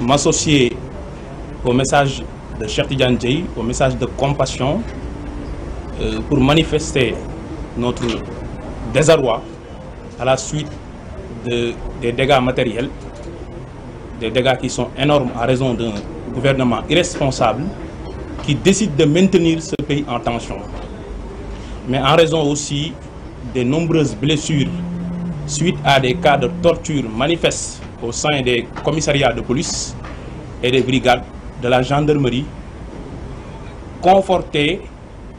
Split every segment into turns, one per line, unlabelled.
m'associer au message de Cheikh Tidiane Dieye, au message de compassion euh, pour manifester notre désarroi à la suite de, des dégâts matériels, des dégâts qui sont énormes à raison d'un gouvernement irresponsable qui décide de maintenir ce pays en tension, mais en raison aussi des nombreuses blessures suite à des cas de torture manifestes au sein des commissariat de police et des brigades de la gendarmerie, confortée,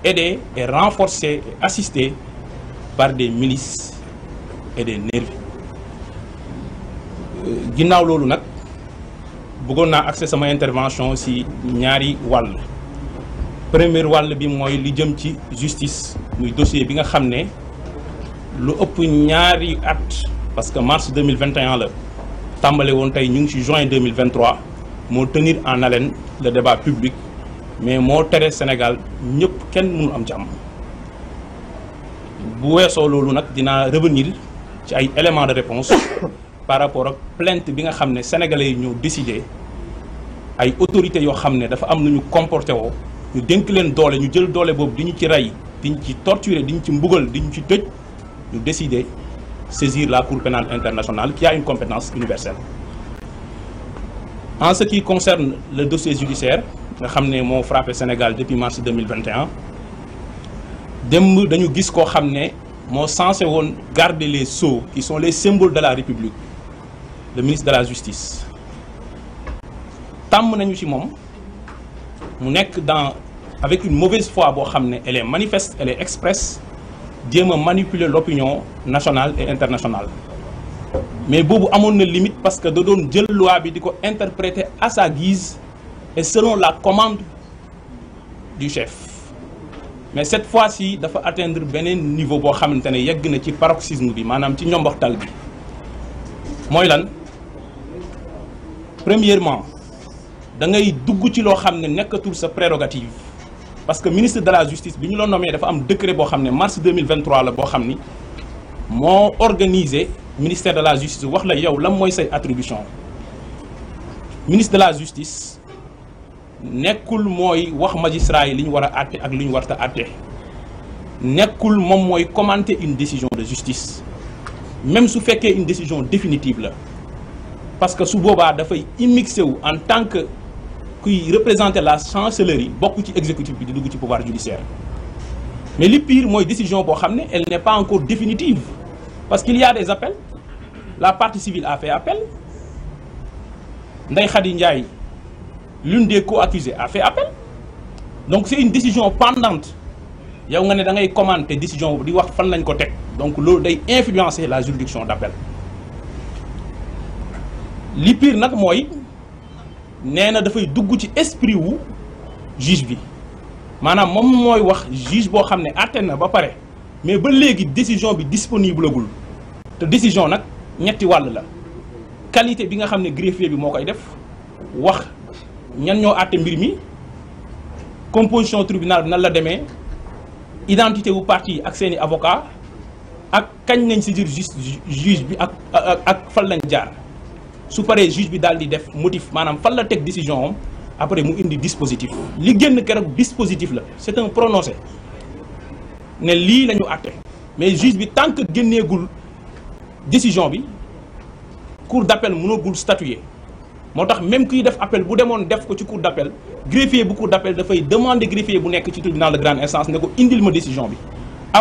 aidée et renforcée et assistée par des milices et des nervis. Euh, ginnaaw loolu nag bëggoon naa accès sama intervention si ñaari wàll premier wàll bi mooy li jëm ci justice muy dossier bi nga xam ne lu ëpp ñaari at parce que mars 2021 la tàmbale woon tey ñu ngi ci juin 2023 moo tenir en haleine le débat public mais moo tere Sénégal ñëpp kenn mënu am jàmm bu weesoo loolu nag dinaa revenir ci ay éléments de réponse par rapport ak plainte bi nga xam ne sénégalais yi ñoo décidé ay autorités yoo xam ne dafa am lu ñu comporté woo ñu dénk leen doole ñu jël doole boobu di ñu ci rey di ñu ci torturer di ñu ci mbugal di ñu ci dëj ñu décidé saisir la Cour pénale internationale qui a une compétence universelle. En ce qui concerne le dossier judiciaire nga xam ne moo frappé Sénégal depuis mars 2021 démb dañu gis koo xam ne moo censé woon garder les sceaux qui sont les symboles de la République le ministre de la Justice tàmm nañu ci moom mu nekk dans avec une mauvaise foi boo xam ne elle est manifeste elle est expresse jéem a manipuler l'opinion nationale et internationale mais boobu amoon na limite parce que da doon jël loi bi di ko interpréter à sa guise et selon la commande du chef mais cette fois si dafa atteindre beneen niveau boo xamante ne yegg na ci paroxysme bi maanaam ci ñomboxtal bi mooy lan premièrement da ngay dugg ci loo xam ne nekkatul sa prérogative parce que ministre de la justice bi ñu la nommé dafa am décret boo xam ne mars 2023 la boo xam ni moo organisé ministère de la justice wax la yow lan mooy say attribution ministre de la justice nekkul mooy wax magistrat yi li ñu war a àtte ak li ñu war warta àtte nekkul moom mooy commenter une décision de justice même su fekkee une décision définitive la parce que su boobaa dafay immixé wu en tant que kuy représenter la chancellerie bokk ci exécutif bi di dugg ci pouvoir judiciaire mais li pire mooy décision boo xam ne elle n'est pas encore définitive parce que y a des appels la partie civile à fait appel Ndeye Khady Ndiaye l'une des co-accusés a fait appel donc c'est une décision pendante yow nga ne da ngay commenter décision di wax fan lañ ko teg donc loolu day influencer la juridiction d'appel li pire nag mooy nee na dafay dugg ci esprit wu juge bi maanaam moom mooy wax juge boo xam ne àtte na ba pare mais ba léegi décision bi disponible agul te décision nag ñetti wàll la qualité bi nga xam ne greffier bi moo koy def wax ñan ñoo àtte mbir mi composition tribunal bi nan la demee identité wu parti yi ak seeni avocat ak kañ nañ saisir juge bi ak ak fan lañ jaar su paree juge bi daal di def motif maanaam fan la teg décision am après mu indi dispositif li génn keroog dispositif la c'est un prononcé ne lii la ñu àtte mais juge bi tant que génneegul décision bi cour d'appel mënagul statuer moo tax même kuy def appel bu demoon def ko ci cour d'appel greffier bu cour d'appel dafay demander greffier bu nekk ci tribunal de grande instance ne ko indil ma décision bi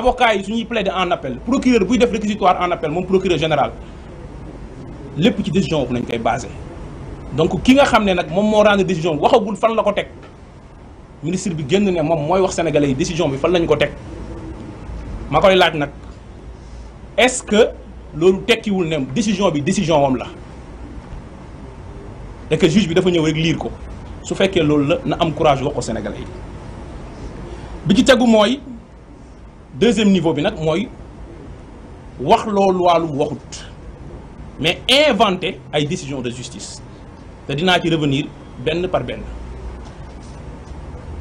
avocat yi su ñuy plaider en def réquisitoire en appel moom procureur général lépp ci décision boobu nañ koy basé donc ki nga xam ne nag moom moo rendre décision waxagul fan la ko teg ministre bi génn ne moom mooy wax sénégalais yi décision bi fan lañu ko teg ma laaj nag est-ce que loolu tekkiwul ne décision bi décision wam la et bi dafa ñëw liir ko su fekkee loolu la am courage wax ko sénégalais ci tegu mooy deuxième niveau bi nag mooy wax loolu wàllum waxut mais inventé ay décision de justice te dinaa ci revenir benn par benn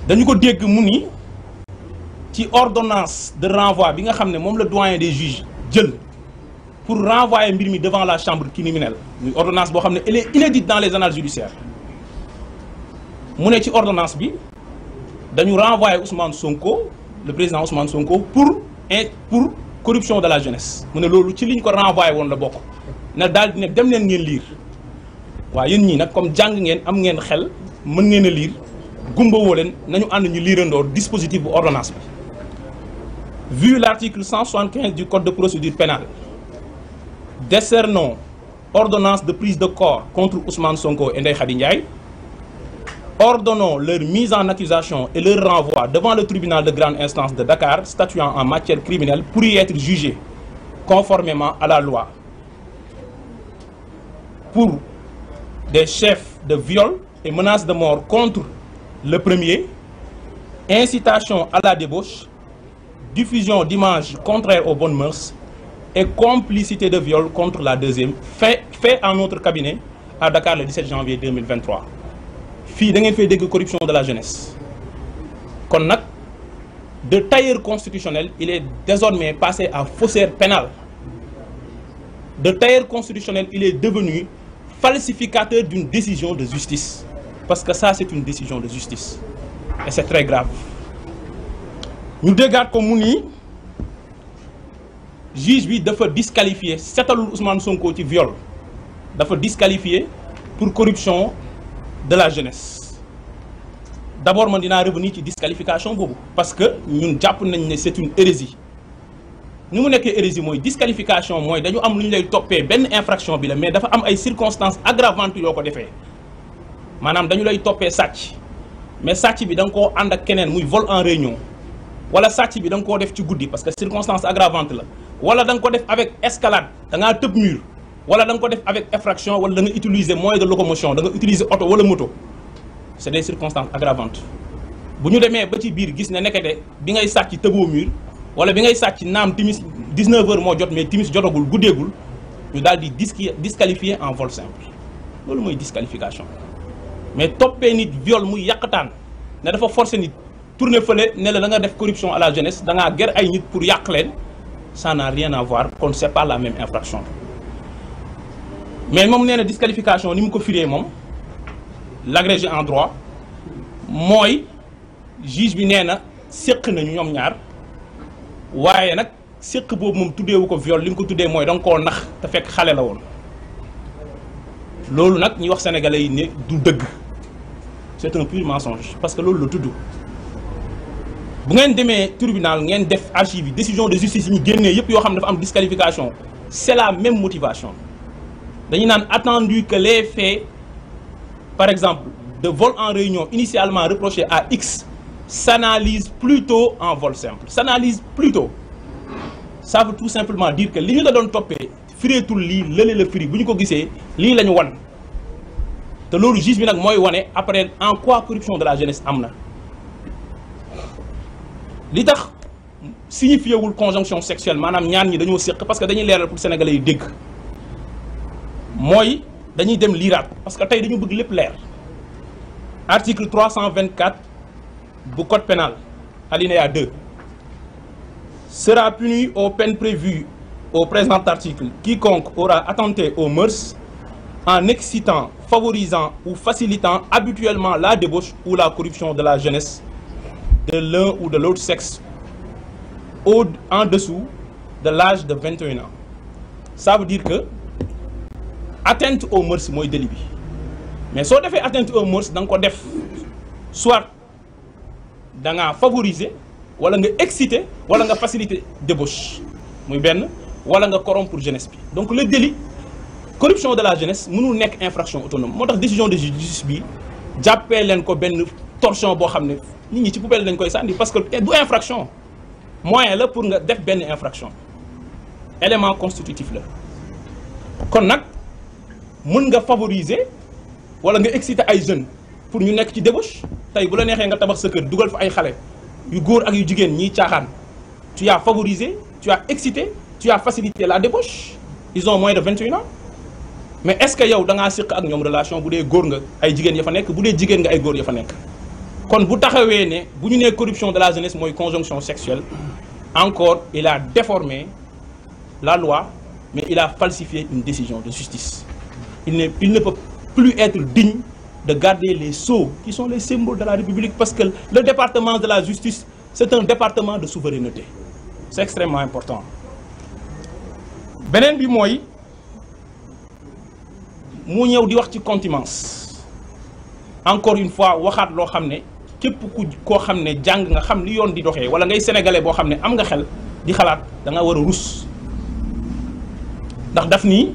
dañu ko dégg mu ni ci ordonnance de renvoi bi nga xam ne moom la doyen des juges jël pour renvoyer mbir mi devant la chambre criminelle muy ordonnance boo xam ne elle est inédite dans les annales judiciaires mu ne ci ordonnance bi dañu renvoyer Ousmane Sonko le président Ousmane Sonko pour et pour corruption de la jeunesse mu ne loolu ci li liñ ko renvoyer woon la bokk na daal di ne dem leen ngeen liir waaw yéen ñii nag comme jàng ngeen am ngeen xel mën ngeen a liir gumba woo leen nañu ànd ñu liirandoor dispositif bu ordonnance bi vu l'article 175 du code de procédure pénale décernons ordonnance de prise de corps contre Ousmane Sonko et Ndeye Khady Ndiaye ordonnons leur mise en accusation et leur renvoi devant le tribunal de grande instance de Dakar statuant en matière criminelle pour y être jugés conformément à la loi pour des chefs de viol et menaces de mort contre le premier, incitation à la débauche, diffusion d'images contraires aux bonnes mœurs et complicité de viol contre la deuxième, fait, fait en notre cabinet à Dakar le 17 janvier 2023. fii da ngeen fay dégg corruption de la jeunesse kon nag de tailleur constitutionnel il est désormais passé à faussaire pénal de tailleur constitutionnel il est devenu falsificateur d'une décision de justice parce que ça c'est une décision de justice et c'est très grave ñu déggaat ko mu ni juge bi dafa disqualifié setalul Ousmane Sonko ci viol dafa disqualifié pour corruption de la jeunesse d'abord man dinaa revenir ci disqualification boobu parce que ñun jàpp nañ ne c'est une hérésie ni mu nekkee hérésie mooy disqualification mooy dañu am lu ñu lay toppee benn infraction bi la mais dafa am ay circonstances aggravantes yoo ko defee maanaam dañu lay toppee sàcc mais sàcc bi da nga koo ànd ak keneen muy vol en réunion wala sàcc bi da nga koo def ci guddi parce que circonstance aggravante la wala danga ko def avec escalade da ngaa tëb mur wala da nga ko def avec effraction wala da nga utiliser moyen de locomotion da nga utiliser oto wala moto c'est des bu ñu demee ba ci biir gis ne nekkete bi ngay sàcc tëboo wala bi ngay sàcc naam timis 19 heures moo jot mais timis jotagul guddeegul ñu daal di disqui disqualifié en vol simple loolu mooy disqualification mais toppee nit viol muy yàqtaan ne dafa forcer nit tourner fële ne la da nga def corruption à la jeunesse da ngaa ger ay nit pour yàq leen ça n'a rien à voir kon c'est la même infraction mais moom nee na disqualification ni mu ko firee moom l'agrégé en droit mooy juge bi nee na séq nañu ñoom ñaar waaye nag séq boobu moom tuddeewu ko viol li mu ko tuddee mooy danga koo nax te fekk xale la woon loolu nag ñi wax sénégalais yi du dëgg c'est un pur mensonge parce que loolu la tudd bu ngeen demee tribunal ngeen def archive yi décision de justice yi ñu génnee yëpp yoo xam dafa am disqualification c'est la même motivation dañu naan attendu que les faits par exemple de vol en réunion initialement reproché à X s'analyse plutôt en vol simple s'analyse plutôt ça veut simplement dire que li ñu la doon toppee fireetul lii lële la firi bu ñu ko gisee lii la ñu wan te loolu juge bi nag mooy wane après en quoi corruption de la jeunesse am na li tax signifié wul conjonction sexuelle maanaam ñaan ñi dañoo séq parce que dañuy leeral pour sénégalais yi dégg mooy dañuy dem liiraat parce que tey dañu bëgg lépp leer article 324 bu code pénal alinéa 2 sera puni aux peines prévues au présent article quiconque aura attenté au mœurs en excitant favorisant ou facilitant habituellement la débauche ou la corruption de la jeunesse de l'un ou de l'autre sexe au en dessous de l'âge de 21 ans ça veut dire que atteinte aux mœurs mooy délit bi mais soo defee atteinte aux mœurs da nga ko def soit da ngaa favoriser wala nga exciter wala nga faciliter débauche muy benn wala nga corrompre jeunesse bi donc le délit corruption de la jeunesse mënul nekk infraction autonome moo tax décision de justice bi jàppee leen ko benn torchon boo xam ne nit ñi ci poubelle dañ koy sànni parce que bu eh, infraction moyen la pour nga def benn infraction élément constitutif la kon nag mun nga favoriser wala nga exciter ay jeunes pour ñu nekk ci débauche tey bu la neexee nga tabax sa dugal fa ay xale yu góor ak yu jigéen ñiy caaxaan tu as favorisé tu as excité tu as facilité la débauche ils ont moins de 21 ans mais est-ce que yow da ngaa siq ak ñoom relation bu dee góor nga ay jigéen ya fa nekk bu dee jigéen nga ay góor ya fa nekk. kon bu taxawee ne bu ñu nee corruption de la jeunesse mooy conjonction sexuelle encore il a déformé la loi mais il a falsifié une décision de justice il ne il ne peut plus de garder les so qui sont les symboles de la République parce que le département de la justice, c'est un département de souveraineté. C'est extrêmement important. beneen bi mooy mu ñëw di wax ci continence encore une fois waxaat loo xam ne képp ku koo xam ne jàng nga xam li yoon di doxee wala ngay sénégalais boo xam ne am nga xel di xalaat danga nga war a rus ndax daf nii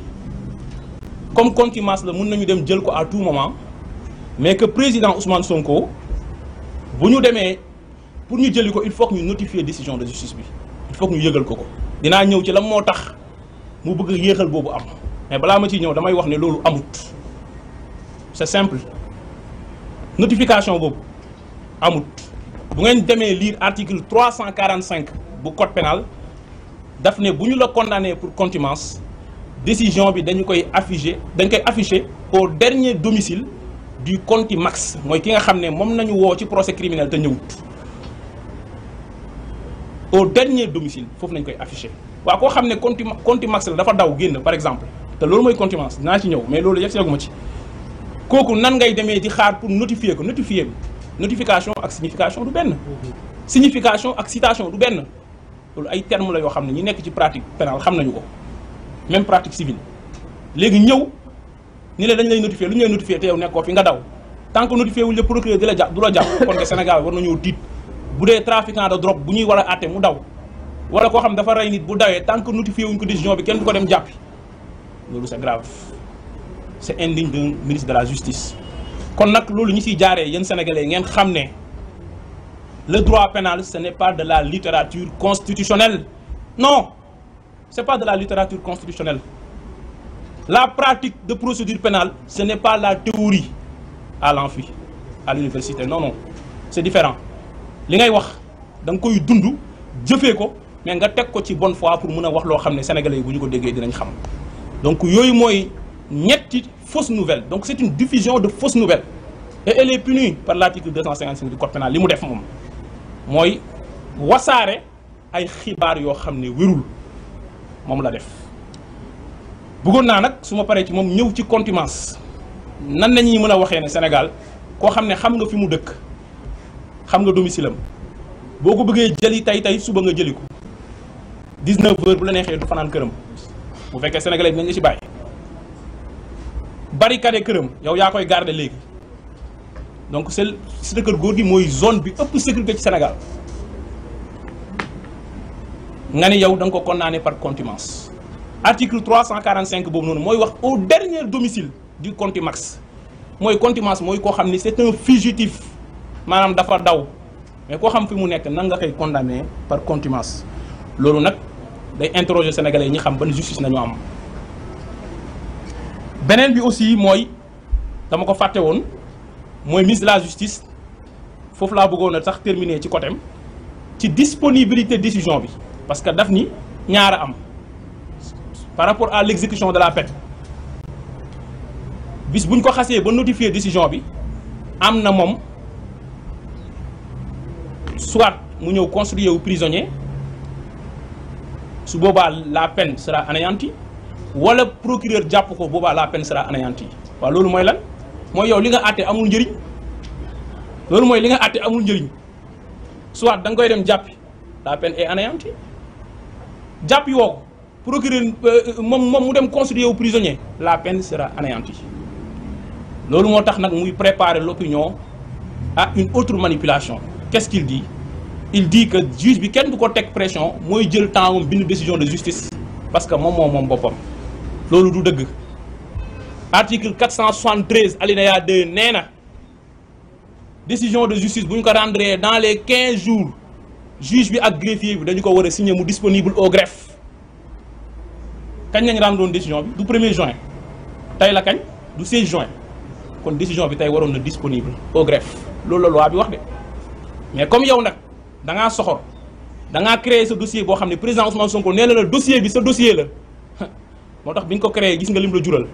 comme continence la mun nañu dem jël ko à tout moment mais que président Ousmane Sonko bu ñu demee pour ñu jëli ko il faut ñu notifier décision de justice bi il faut ñu yëgal ko ko dinaa ñëw ci lan moo tax mu bëgg yéexal boobu am mais balaa ma ciy ñëw damay wax ne loolu amut c'est simple notification boobu amut bu ngeen demee lire article 345 bu code pénal daf ne bu ñu la condamné pour contumace décision bi dañu koy afficher dañ koy afficher au dernier domicile du contumax mooy ki nga xam ne moom nañu woo ci procès criminel te ñëwut au dernier domicile foofu nañ koy affiché waaw koo xam ne contumax contumax la dafa daw génn par exemple te loolu mooy contumace naa ci ñëw mais loolu yegg seeguma ci kooku nan ngay demee di xaar pour notifier ko notifier notification ak signification du benn signification ak citation du benn loolu ay terme la yoo xam ne ñi nekk ci pratique pénale xam nañu ko même pratique civile léegi ñëw ni la dañ lay notifié lu ñu lay notifié te yow nekkoo fi nga daw tant que notifié wuñ la procureur di la jàpp du la jàpp kon Sénégal war nañoo tiit bu dee trafiquant de drogue bu ñuy war a àtte mu daw wala koo xam dafa rey nit bu dawee tant que notifié wuñ ko décision bi kenn du ko dem jàppi loolu c'est grave c'est indigne d'un ministre de la justice kon nag loolu ñu siy jaaree yéen sénégalais ngeen xam ne le droit pénal ce n'est pas de la littérature constitutionnelle non c'est pas la littérature constitutionnelle La pratique de procédure pénale, ce n'est pas la théorie à l'amphi, à l'université. Non, non, c'est différent. li ngay wax da koy dundu jëfee ko mais nga teg ko ci bonne fois pour mën a wax loo xam ne sénégalais bu ñu ko déggee dinañ xam donc yooyu mooy ñetti fausse nouvelle donc c'est une diffusion de fausse nouvelle et elle est punie par l'article 255 du code pénal li mu def moom mooy wasaare ay xibaar yoo xam ne wérul moom la def buggoon naa nag su ma paree ci moom ñëw ci contumace nan nañuy mën a waxee ne Sénégal koo xam ne xam nga fi mu dëkk xam nga domicile am boo ko bëggee jëli tay tay suba nga jëli ko 19h bu la neexee du fanaan këram bu fekkee sénégalais dinañ la ci bàyyi. barricade këram yow yaa koy garder léegi donc c'est Cité góor gi mooy zone bi ëpp sécurité ci Sénégal nga ne yow da nga ko condamné par contumace. article 345 boobu noonu mooy wax au dernier domicile du contumax mooy contumax mooy koo xam ni c'est un fugitif maanaam dafa daw mais koo xam fi mu nekk nanga nga koy condamné par contumace loolu nag day interroger sénégalais yi ñi xam ba ban justice nañu am beneen bi aussi mooy dama ko fàtte woon mooy mise la justice foofu laa bëggoon a sax terminer ci côté ci disponibilité décision bi parce que daf ni ñaar a am par rapport à l'exécution de la PEC bis buñ ko xasee ba notifier décision bi am na moom soit mu ñëw construire wu prisonnier su boobaa la peine sera anéantie wala procureur jàpp ko boobaa la peine sera anéantie waaw loolu mooy lan mooy yow li nga àtte amul njëriñ loolu mooy li nga àtte amul njëriñ soit da nga koy dem jàpp la peine est anéantie jàppi woo ko procureur euh, moom moom mu dem constituer wu prisonnier la peine sera anéantie loolu moo tax nag muy préparer l'opinion a une autre manipulation qu'est-ce qu'il dit il dit que juge bi kenn du ko teg pression mooy jël temps moom bind décision de justice parce que moom moo moom boppam loolu du dëgg article 473 alinéa 2 nee na décision de justice bu ñu ko rendre dans les 15 jours juge bi ak greffier bi dañu ko war a signer mu disponible au greffe kañ lañ rendoon décision bi du 1er juin tey la kañ du 16 juin kon décision bi tey waroon na disponible au greffe loolu la loi bi wax de mais comme yow nag da ngaa soxor da ngaa créer sa dossier boo xam ne président Ousmane Sonko nee na la dossier bi sa dossier la moo tax bi nga ko créé gis nga lim la jural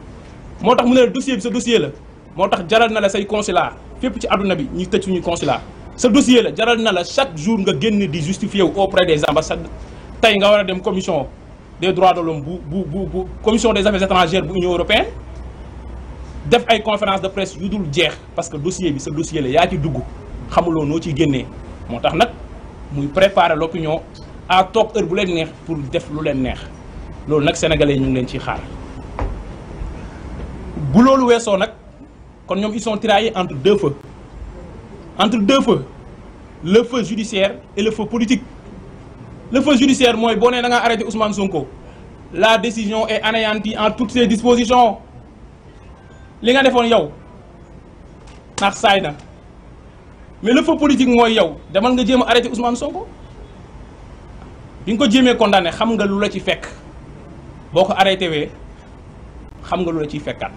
moo tax mu ne la dossier bi sa dossier la moo tax jaral na la say consulat fépp ci àdduna bi ñu tëj suñu consulat sa dossier la jaral na la chaque jour nga génn di justifier wu auprès des ambassades tey nga war a dem commission des droits de l'homme bu bu bu bu commission des affaires étrangères bu union européenne def ay conférence de presse yu dul jeex parce que dossier bi sa dossier la yaa ci dugg xamuloo noo ciy génnee moo tax nag muy préparer l'opinion à toog heure bu leen neex pour def lu leen neex loolu nag sénégalais ñu ngi leen ciy xaar bu loolu weesoo nag kon ñoom ils sont entre deux feux entre deux feux le feu judiciaire et le politique le feu judiciaire mooy boo nee da ngaa arrêté Ousmane Sonko la décision est anéantie en toutes ses dispositions li nga defoon yow ndax saay na mais le feu politique mooy yow demal nga jéem a arrêté Ousmane Sonko bi nga ko jëmee condamné xam nga lu la ci fekk boo ko arrêté wee xam nga lu la ciy fekkaat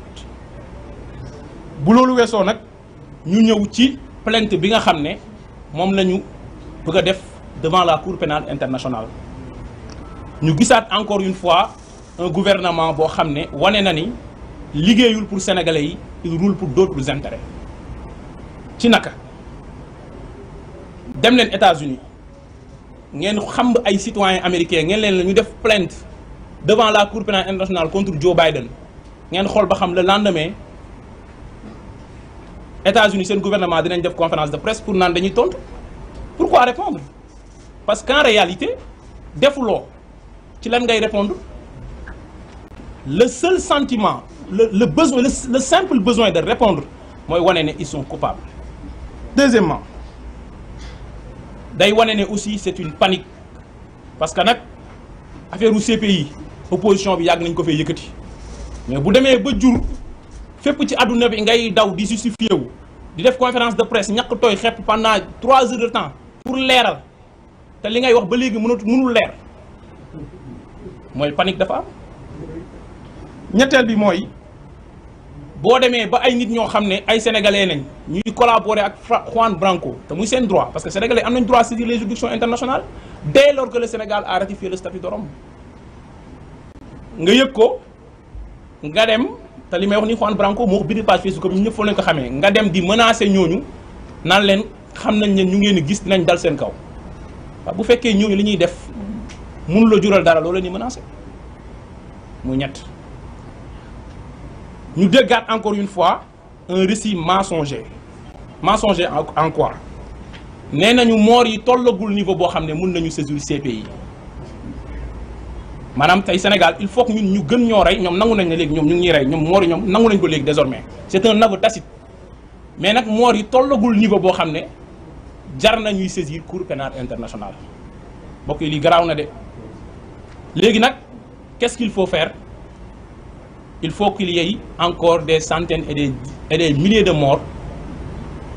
bu loolu weesoo nag ñu ñëw ci plainte bi nga xam ne moom lañu ñu bëgg a def. devant la cour pénale internationale ñu gisaat encore une fois un gouvernement boo xam ne wane na ni liggéeyul pour sénégalais yi il roule pour d'autres intérêts ci naka dem leen États-Unis ngeen xam ay citoyens américains ngeen leen la ñu def plainte devant la cour pénale internationale contre Joe Biden ngeen xool ba xam le lendemain États-Unis seen gouvernement dinañ def conférence de presse pour naan dañuy tontu pourquoi répondre parce qu'en réalité defuloo ci lan ngay répondre le seul sentiment le le besoin le simple besoin de répondre mooy wane ne ils sont coupables deuxièmement day wane ne aussi c'est une panique parce que nag affaire u yi opposition bi yàgg nañ ko fee yëkkati mais bu demee ba jur fépp ci àdduna bi ngay daw di justifié wu di def conférence de presse ñàkk tooy xepp pendant trois heures de temps pour leeral te li ngay wax ba léegi mënatu mënul leer mooy panique dafa am ñetteel bi mooy boo demee ba ay nit ñoo xam ne ay sénégalais nañ ñuy collaborer ak Juan Branco te muy seen droit parce que sénégalais am nañ droit saisir les juridictions internationales dès lors que le Sénégal a ratifié le statut de Rome nga yëg ko nga dem te li may wax ni Juan Branco moo wax biir page Facebook bi ñëpp foo leen ko xamee nga dem di menacer ñooñu naan leen xam nañ ne ñu ngeen di gis dinañ dal seen kaw. waaw bu fekkee ñooñu li ñuy def mënu la jural dara loolu la a se muy ñett ñu déggaat encore une fois un récit mensonger mensonger encore quoi nee nañu moor yi tollagul niveau boo xam ne mun nañu saisir CPI maanaam tey Sénégal il faut ñun ñu gën ñoo rey ñoom nangu nañ ne léegi ñoom ñu ngi ñuy rey ñoom moor yi ñoom nangu nañ ko léegi désormais c'est un aveu mais nag moor yi tollagul niveau boo xam ne jar nañuy ñuy saisir cour pénale internationale mbokk yi li garaaw na de léegi nag qu'est-ce qu'il faut faire il faut qu'il y encore des centaines et des et des milliers de morts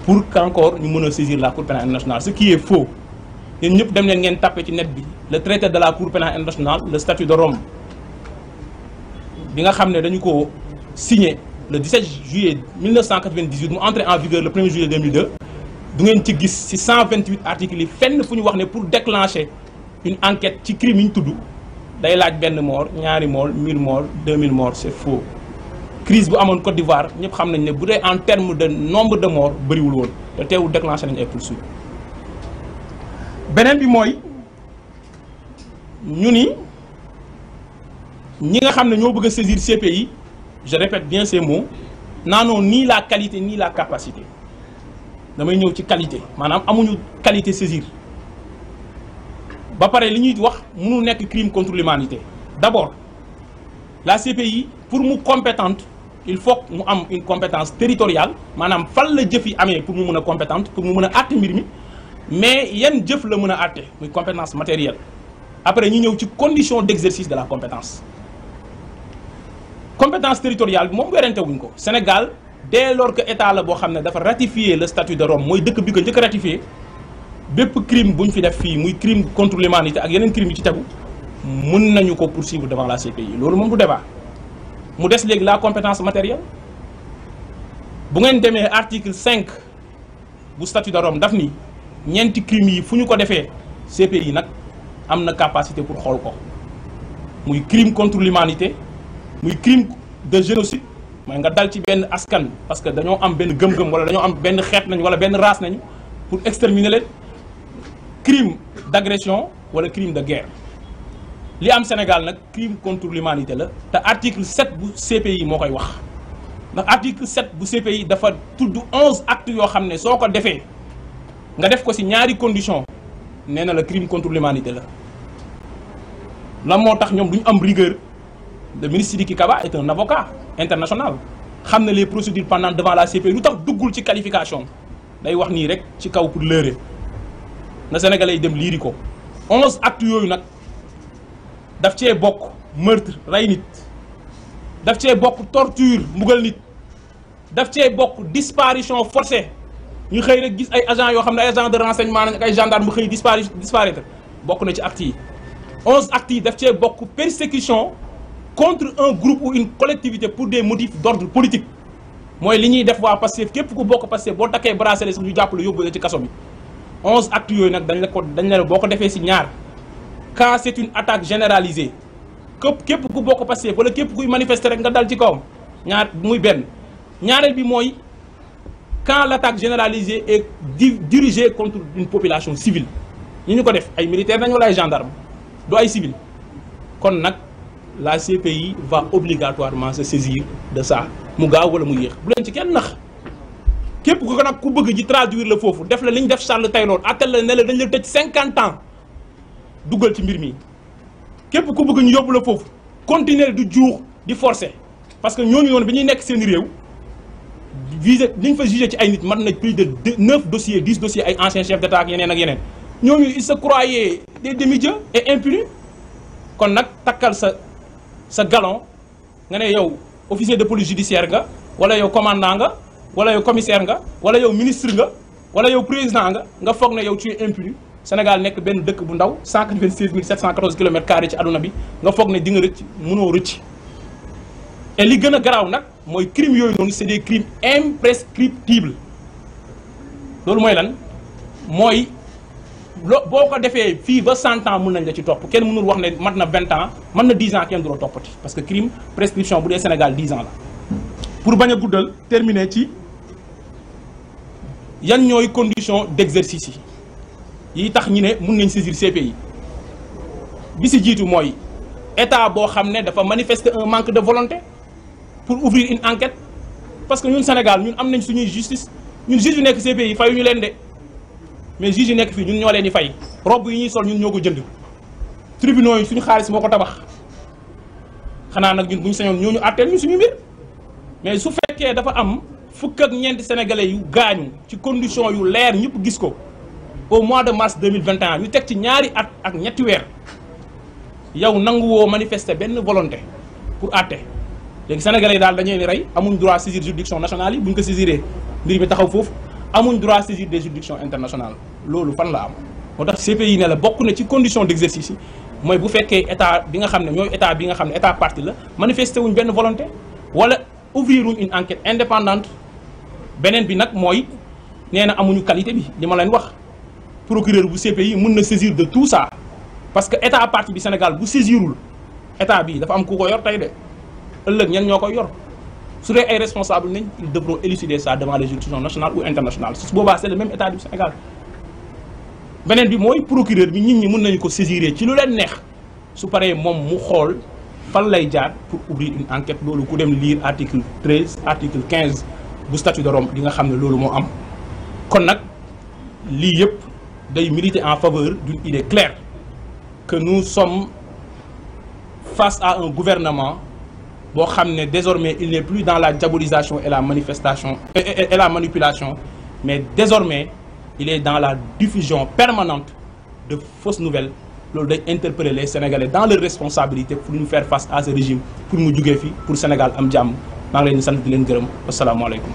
pour qu'encore ñu mën a saisir la cour pénale internationale ce qui est faux yéen ñëpp dem leen ngeen tàppe ci net bi le traité de la cour pénale internationale le statut de Rome bi nga xam ne dañu ko signé le 17 juillet 1998 mu entré en vigueur le 1 juillet du ngeen ci gis ci 128 articles yi fenn fu ñu wax ne pour déclencher une enquête ci crime yi ñu tudd day laaj benn mort ñaari mort 1000 mort 2000 mort c'est faux crise bu amoon Côte d'Ivoire ñëpp xam nañ ne bu dee en terme de nombre de morts bëriwul woon te teewul déclenché nañu ay poursuites beneen bi mooy ñu ni ñi nga xam ne ñoo bëgg a saisir CPI je répète bien ces mots naanoo ni la qualité nii la capacité damay ñëw ci qualité maanaam amuñu qualité saisir ba pare li ñuy wax mënu nekk crime contre l'humanité d'abord la CPI pour mu compétente il faut mu am une compétence territoriale maanaam fan la jëf yi amee pour mu mën a compétence pour mu mën a àtte mbir mi mais yan jëf la mën a àtte muy compétence matérielle après ñu ñëw ci condition d'exercice de la compétence compétence territoriale bi moom werante wuñ ko Sénégal dès lors que état la boo xam ne dafa ratifier le statut de Rome mooy dëkk bi ko njëkk ratifié bépp crime bu ñu fi def fii muy crime contre l'humanité ak yeneen crime yi ci tegu mun nañu ko poursuivre devant la CPI loolu moom du débat mu des léegi la compétence matérielle bu ngeen demee article cinq bu statut de Rome daf ni ñeenti crime yi fu ñu ko defee CPI nag am na capacité pour xool ko muy crime contre l'humanité muy crime de génocide mooy nga dal ci benn askan parce que dañoo am benn gëm-gëm wala dañoo am benn xeet nañu wala benn race nañu pour exterminer leen crime d'agression wala crime de guerre li am Sénégal nag crime contre l'humanité la te article 7 bu yi moo koy wax ndax article 7 bu yi dafa tudd 11 actes yoo xam ne soo ko defee nga def ko ci ñaari condition nee na la crime contre l'humanité la la moo tax ñoom duñu am rigueur le ministre Sidiki Kaba est un avocat international xam na les procédures pendant devant la CPI e. lu tax duggul ci qualification day wax nii rek ci kaw pour leurrer na sénégalais yi dem liiri ko onze actes yooyu nag daf cee bokk meurtre rey nit daf cee bokk torture mbugal nit daf cee bokk disparition forcée ñu xëy rek gis ay agent yoo xam ne ay agents de renseignement nañ ak ay gendarme xëy dispari disparaître bokk na ci actes yi onze actes yi daf cee bokk persécution contre un groupe ou une collectivité pour des motifs d'ordre politique mooy li ñuy def waa Pastef képp ku ko Pastef boo takkee bracelet sax ñu jàppale yóbbu la ci kaso bi onze actes yooyu nag dañ la ko dañ la boo ko defee si ñaar cas c'est une attaque généralisée képp képp ku bokk Pastef wala képp kuy manifester rek nga dal ci kawam ñaar muy benn ñaareel bi mooy quand l'attaque généralisée di dirigée contre une population civile ñu ñu ko def ay militaires nañu wala ay gendarmes du la CPI va obligatoirement se saisir de ça mu gaaw wala mu yéex bu leen ci kenn nax képp ku ko nag ku bëgg ji traduire la foofu def la li ñu def Charles Taylor attel la ne dañu dañ la tëj cinquante ans duggal ci mbir mi képp ku bëgg ñu yóbbu la foofu continuer du juux di forcer parce que ñoo ñooñu yoon bi ñuy nekk seen réew visé li ñu fa jugé ci ay nit mat na plus de neuf dossiers dix dossiers ay anciens chefs d'État yeneen ak yeneen ñooñu ils se des demi-dieux et kon nag takkal sa sa galon nga ne yow officier de police judiciaire nga wala yow commandant nga wala yow commissaire nga wala yow ministre nga wala yow président nga nga foog ne yow tu es impuni Sénégal nekk benn dëkk bu ndaw 196 714 kilomètres carrés ci àdduna bi nga foog ne di nga rëcc mënoo rëcc et li gën a garaaw nag mooy crimes yooyu noonu c'est des crimes imprescriptibles loolu mooy lan mooy. lo boo ko defee fii ba cent ans mun nañ la ci topp kenn mënul wax ne mat na vingt ans mën na dix ans kenn du la toppati parce que crime prescription bu dee Sénégal dix ans la pour bañ a guddal terminer ci yan ñooy condition d'exercice yi yi tax ñi ne mun nañ saisir CPI bi si jiitu mooy état boo xam ne dafa manifester un manque de volonté pour ouvrir une enquête parce que ñun Sénégal ñun am nañ suñuy justice ñun juge yu nekk CPI fayu ñu leen de mais juge yi nekk fii ñun ñoo leen di fay robe yi ñuy sol ñun ñoo ko jënd tribunaux yi suñu xaalis moo ko tabax xanaa nag ñun bu ñu sañoon ñooñu àtteel ñu suñu mbir mais su fekkee dafa am fukk ak ñeenti sénégalais yu gaañu ci condition yu leer ñëpp gis ko au mois de mars 2021 ñu teg ci ñaari at ak ñetti weer yow nanguwoo manifester benn volonté pour àtte léegi sénégalais yi daal dañuy ni rey amuñ droit saisir juridiction nationale yi bu ñu ko saisiree mbir mi taxaw foofu amuñ droit saisir des juridictions internationales loolu fan la am moo tax CPI ne la bokk na ci condition d' exercice yi mooy bu fekkee état bi nga xam ne ñooy état bi nga xam ne état parti la manifesté wuñ benn volonté wala ouvrir wuñ une enquête indépendante beneen bi nag mooy nee na amuñu qualité bi li leen wax procureur bu CPI mun na saisir de tout ça parce que état parti bi Sénégal bu saisirul état bi dafa am ku ko yor tey de ëllëg ñenn ñoo koy yor. su dee ay responsable nañ ils devront élucider ça devant les juridictions nationales ou internationales su boobaa c'est le même état du Sénégal beneen bi mooy procureur bi nit ñi mën nañu ko saisir ci lu leen neex su paree moom mu xool fan lay jaar pour ouvrir une enquête loolu ku dem lire article 13 article 15 bu statut de Rome di nga xam ne loolu moo am kon nag lii yëpp day militer en faveur d'une idée claire que nous sommes face à un gouvernement boo xam ne désormais il n'est plus dans la diabolisation et la manifestation et, la manipulation mais désormais il est dans la diffusion permanente de fausses nouvelle loolu day interpeller les Sénégalais dans leur responsabilité pour ñu faire face à ce régime pour mu jugee fi pour Sénégal am jàmm maa ngi leen di sant di leen gërëm asalaamaaleykum